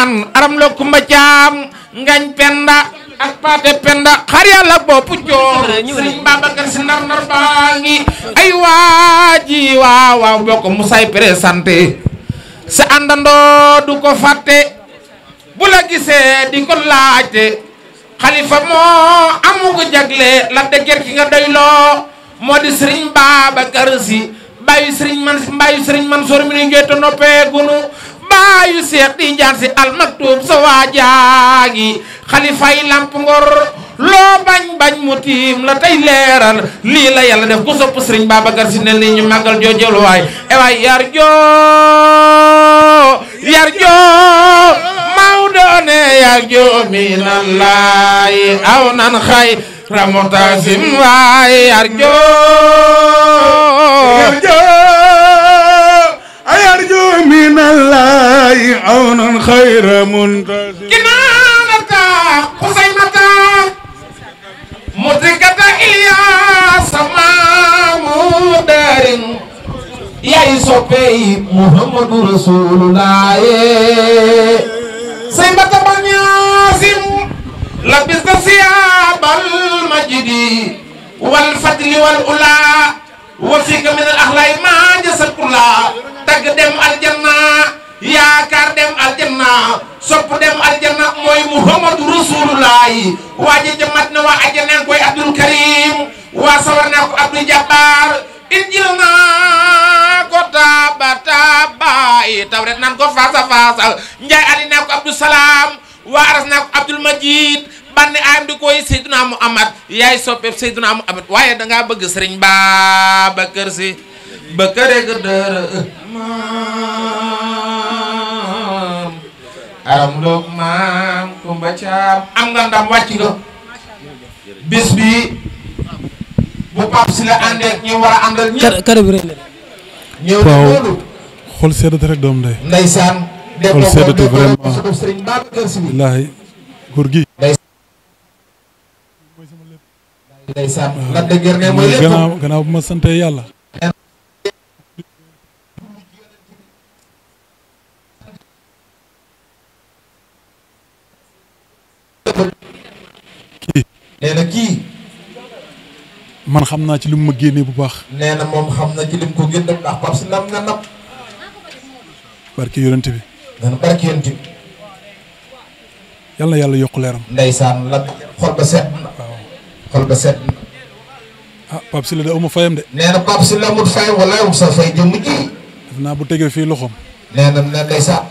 ñaan aram la kumba caam ngañ penda ak paate penda xar yàlla boppu joor sëriñ Babacar si nar nar baa ngi ay waaji waaw boo ko musay présenté sa àndandoo du ko fàtte bu la gisee di ko laajte xalifa moo amugo jagle la dëgër ki nga doyloo moo di sëriñ Babacar si bàyyi sëriñ man bàyyi sëriñ Mansour mi nu ngeeto gunu baayu seex di njaan si almaktub sa waajaagi xalifay lamp ngor loo bañ bañ mu tiim la tey leeral lii la yàlla def ku sopp sëriñ Babacar si ne li ñu màggal joojol waay ewaay yar joo yar joo Maodo ne yar joo minan laay aw nan xay ramotasim waay yar joo أيرجو من الله عونا خير منتظر كنانة قصيمة مدركة إلياس مامودر يا إسوبي محمد رسول الله سيمة بنياسم لبست ثياب المجد والفضل والأولى وفيك من الأخلاق ما جسد كلها tagg dem aljanna yaakaar dem aljanna sopp dem aljanna mooy muhammadu rasulullahi waaje jamat na waa aljanna koy abdul karim waa sawar naa abdul jabbar injil naa ko taaba taaba tawret nan ko faasa njaay ali abdul salaam waa aras naa abdul majid banni ayam di koy seyduna muhammad yaay soppe seyduna muhammad waaye danga bëgg sëriñ Babacar Si ba këreg dërë maam aram loog maam kumba caam am nga ndam wàcc nga bis bi bu pap si la àndee ñu war a àndal ñëpp kër bi xool seddati rek doom ndey ndeysaan xool seddati vraiment sëriñ Babacar Si billaahi gi ndeysaan la dëgër bu ma santee yàlla nee na kii. man xam naa ci lim ma génnee bu baax. nee na moom xam na ci lim ko génne bu baax Pape si nam napp. barke yonent bi. nee na barke yonent yàlla na yàlla yokk leeram. ndeysaan la xol ba set na. waaw xol ba set ah Pape Sylla da fayam de. nee na Pape Sylla amul fayam sa fay jëmm ji. def naa bu tegee fii loxoom. nee na nee ndeysaan.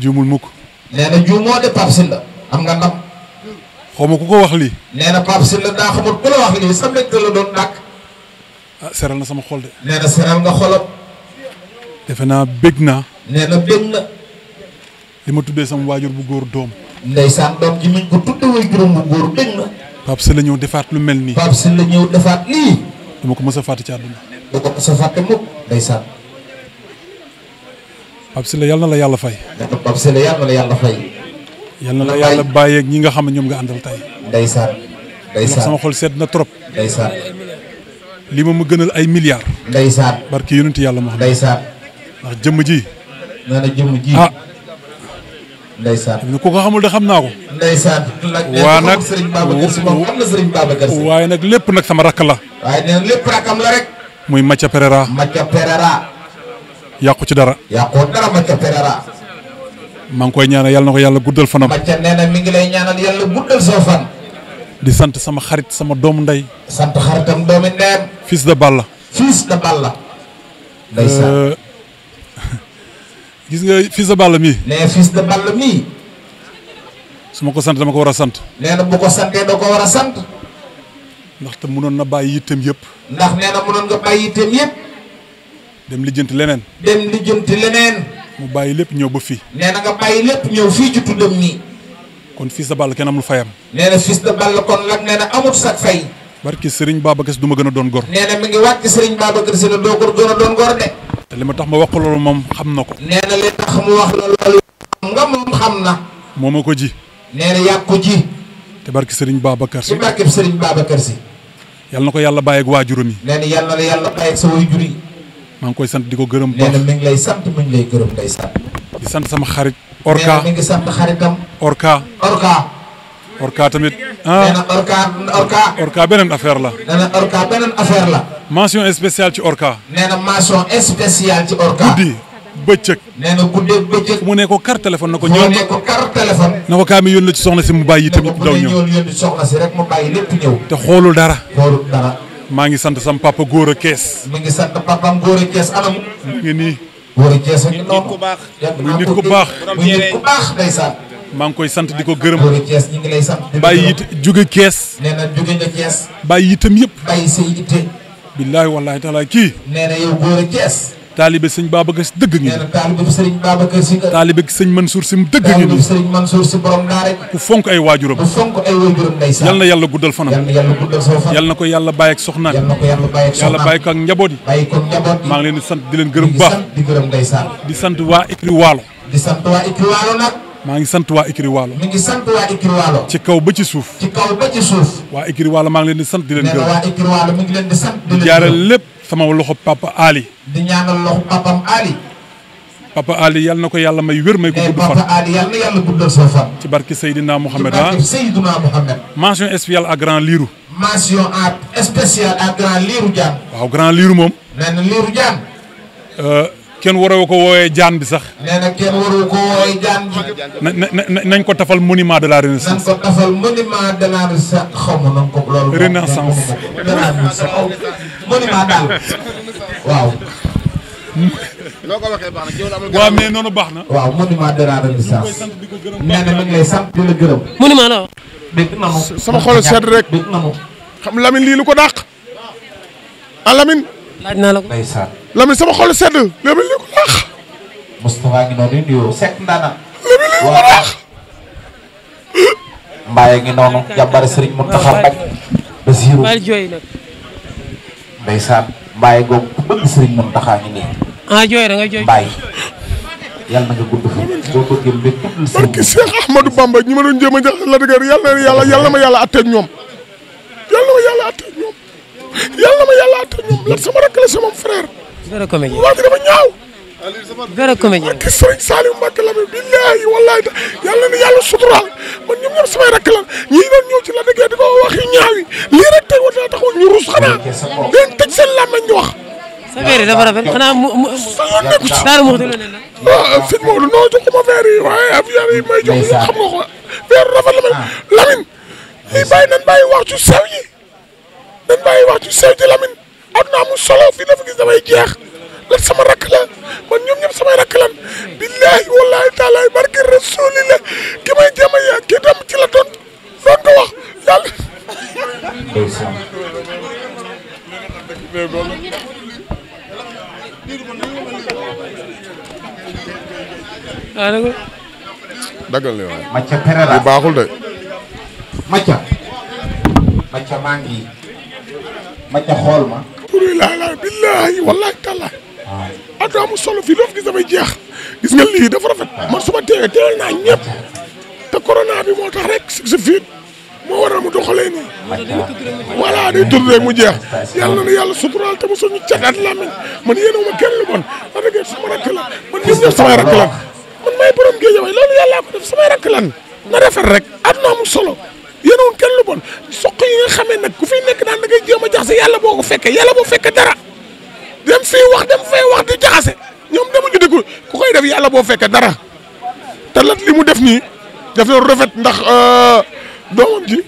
juumul mukk. nee na de Pape am nga ndam. xaw ma ku ko wax lii. nee na Pape Sylla daa xamul la wax lii sa mbégte la doon dàkk. ah na sama xol de. nee na nga xolam. defe naa bég naa. nee na bég na. li ma tuddee sama waajur bu góor doom. ndeysaan doom ji miñ ko tuddee way bu góor bég na. Pape Sylla ñëw defaat lu mel nii. Pape Sylla ñëw defaat lii. dama ko mës a fàtte ci àdduna. du a fàtte mukk yàlla la yàlla fay. yàlla na la yàlla fay. yal na la yàlla bàyyeek ñi nga xam ne ñoom nga àndal tey. ndeysaan ndeysaan sama xol sedd na trop. ndeysaan. li ma ma gënal ay milliards. ndeysaan barki yonent yàlla ma xam. ndeysaan. ndax jëmm ji. nee na ji ah. ndeysaan ku ko xamul de xam naa ko. waa nag waaye nag lépp nag sama rakk la. muy Mathia Pereira. Mathia yàqu ci dara. yàqu maa ngi koy ñaanal yàlla na ko yàlla guddal fanam. Mathieu nee na mi ngi lay ñaanal yàlla guddal soo fan. di sant sama xarit sama doomu ndey. sant xaritam doomu ndeyam. fils de Balla. fils de Balla. ndeysaan. Euh, gis nga fils de Balla mii. nee fils de Balla mii. su ma ko sant dama ko war a sant. nee na bu ko santee da ko war a sant. ndaxte mënoon na bàyyi yitteem yëpp. ndax nee na mënoon nga bàyyi yitteem yëpp. dem lijjanti leneen. mu bàyyi lépp ñëw ba fii. nee na nga bàyyi lépp ñëw fii ci tuddam nii. kon fils de Balla kenn amul fayam. nee na fils de Balla kon nag nee na amut sax fay. barki Serigne Babacar Sy du ma gën a doon gor. nee na a doon gor de. te li ma tax ma wax ko loolu moom xam na ko. nee na li tax mu wax loolu. moom xam na. moo ma ko ji. nee na ko ji. te barki sëriñ Babacar Sy. te barki Serigne Babacar Sy. yal na ko yàlla bàyyeeg waajuram yi. nee na na la yàlla bàyyeeg sa waajur yi. maa ngi koy sant di ko gërëm. baax nee na mi ngi lay sant mi ngi sama xarit. Orca nee na mi ngi tamit. ah beneen affaire la. beneen affaire la. mention spéciale ci Orca. guddi bëccëg. nee mu ne ko carte téléphone na ko. ñëw ne na ko kaa mi yónni soxna si mu bàyyi itam. ñëw ko bu dee ñëw yónni soxna si mu bàyyi te xoolul dara. maa ngi sant sam papa góor a kees. mi ngi sant papaam góor a kees anam. mu ngi kees ak noonu. baax muy nit ku baax. muy nit ku baax maa ngi koy sant di ko gërëm. góor a ñu ngi lay sant. bàyyi it jóge kees. nee na jóge nga kees. bàyyi itam yëpp. bàyyi say yitte. billaahi wallaahi taala kii. kees. taalibe sëñ Babacar si dëgg ngi nii. taalibe sëñ Babacar si. taalibe sëñ Mansour si dëgg ngi nii. taalibe sëñ Mansour si borom naa ku fonk ay waajuram. yal na yàlla guddal fanam. yal na yàlla guddal soo fan. yal na ko yàlla bàyyi ak soxnaam. na ko yàlla bàyyi ko ak njaboot yi. maa ngi leen sant di leen gërëm bu di sant waa Écurie Waalo. maa ngi sant waa Ikri mu mi ngi sant waa Ikri ci kaw ba ci suuf. ci kaw ba ci suuf. waa Ikri maa ngi leen di sant di leen gërëm. waa ngi leen di sant di lépp sama loxo papa Ali. di ñaanal loxo papam Ali. yal na ko yàlla may wér may ko eh, gudd fan. papa Ali na yàlla guddal sa fan. ci barke Seydina Mohamed ah ci barke Seydina Mohamed. mention spéciale liiru. mention à spéciale à grand liiru Diane. waaw grand liiru moom. kenn waroo ko woowee jaan bi sax. nee na kenn waroo ko nañ ko tafal monument de la renaissance. nañ ko tafal monument de renaissance xaw ma nan ko loolu. renaissance monument daal ko waxee baax na waaw mais noonu baax na. waaw monument de la renaissance. sant di la gërëm. sama xol sedd rek. dégg na xam Lamine lii lu ko dàq. ah Lamine. naa la ko ndeysaan. Lamine sama xol sedd Lamine li ko laax. Moustapha ngi noonu nuyoo Seck na. ndeysaan Mbaye googu ku bëgg Serigne Mountakha ngi nii. ah jooy na nga gudd fa boo bëggee mbir tuddul Serigne. barke ma doon jéem a jaxase la dëgër yàlla na yàlla yàlla ma yàlla àtteeg ñoom. yàlla ma yàlla àtteeg ñoom. yàlla ma yàlla àtteeg ñoom lan sama rakk la sama frère. vrai comédien wax ji dafa ñaaw. vrai comédien barke Sëriñ Saliou Mbacké la billaahi wallaahi yàlla na yàlla suturaal man ñoom ñoom samay rakk lan ñii doon ñëw ci la dëggee di ko wax yu ñaaw yi lii rek tey war naa taxul ñu rus xanaa ngeen tëj seen làmmiñ di wax. sa verre yi dafa rafet xanaa sa la nen ah, ah. nan bàyyi wax ci nan bàyyi wax ci sew àdduna amul solo fii dafa gis damay jeex lan sama rakk la man ñoom ñëpp samay rakk lan billaahi wallaahi taalaay barke rasuuli la ki yaa kii dem ci la doon foog nga wax yàlla. waaw li waay. Macha baaxul de. pour laa laa billaahi wallaahi tallaahi aduna amul solo fii loofu gis dafay jeex gis nga lii dafa rafet ah. man su ma teewee teewal naa ñëpp te corona bi moo tax rek si fiit moo waral mu doxalee nii voilà day tur rek mu jeex yàlla na ne yàlla suturaal te mosuñu cataat làmmiñ man yéen ma kenn lu bon wax dëgg sama rakk lan man ñun ñëpp samay rakk man may borom géej waay loolu yàllaa ko def samay rakk na rafet rek aduna amul solo yéenewuñ kenn lu bon soq yi nga xamee nag ku fi nekk daan da ngay jéem a jaxase yàlla boo ko fekkee yàlla boo fekke dara dem fii wax dem fee wax di jaxase ñoom demuñu di ku koy def yàlla boo fekkee dara te lat li mu def nii daf na refet ndax euh, doomam ji.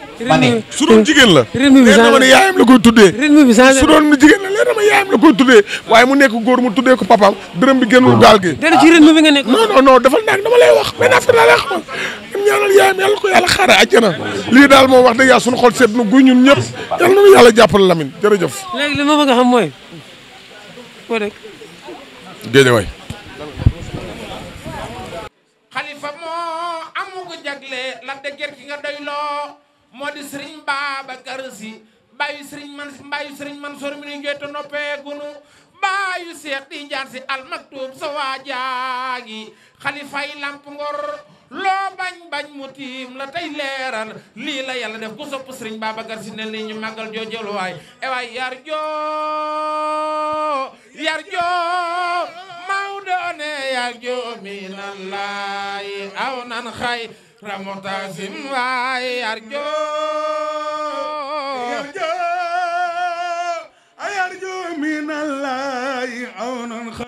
su doon jigéen la. rythme bi changé leer na yaayam la koy tuddee. rythme bi changé jigéen la leer na waaye mu nekk góor mu tuddee ko papaam dërëm bi génnul gaal gi. dara ci rythme bi nga nekk. non non non dafa naan dama lay wax a affaire laa lay xamal. ñun ñaanal yaayam yàlla ko yàlla a àjjana. lii daal moo wax dëgg su sunu xol seet nu guy ñun ñëpp yàlla nañu yàlla jàppale Lamine jërëjëf. léegi la ma bëgg xam mooy. koo mu ko jaglee Lac de Guiers ki nga doyloo moo di Serigne Babacar Sy baayu Serigne man baayu Serigne Mansour mi ni njoyto noppee gunu baayu Cheikh di Ndiane Sy Al Maktoum sa waa jaagi xalifa yi lamp ngor loo bañ bañ mu tiim la tey leeral lii la yàlla def ku sopp Serigne Babacar Sy ne li ñu màggal joojol waay ewaay joo yar joo ne yaag joomi nan laay aw nan xay ramotasim waay arjo arjo ay arjo min allahi aw nan xay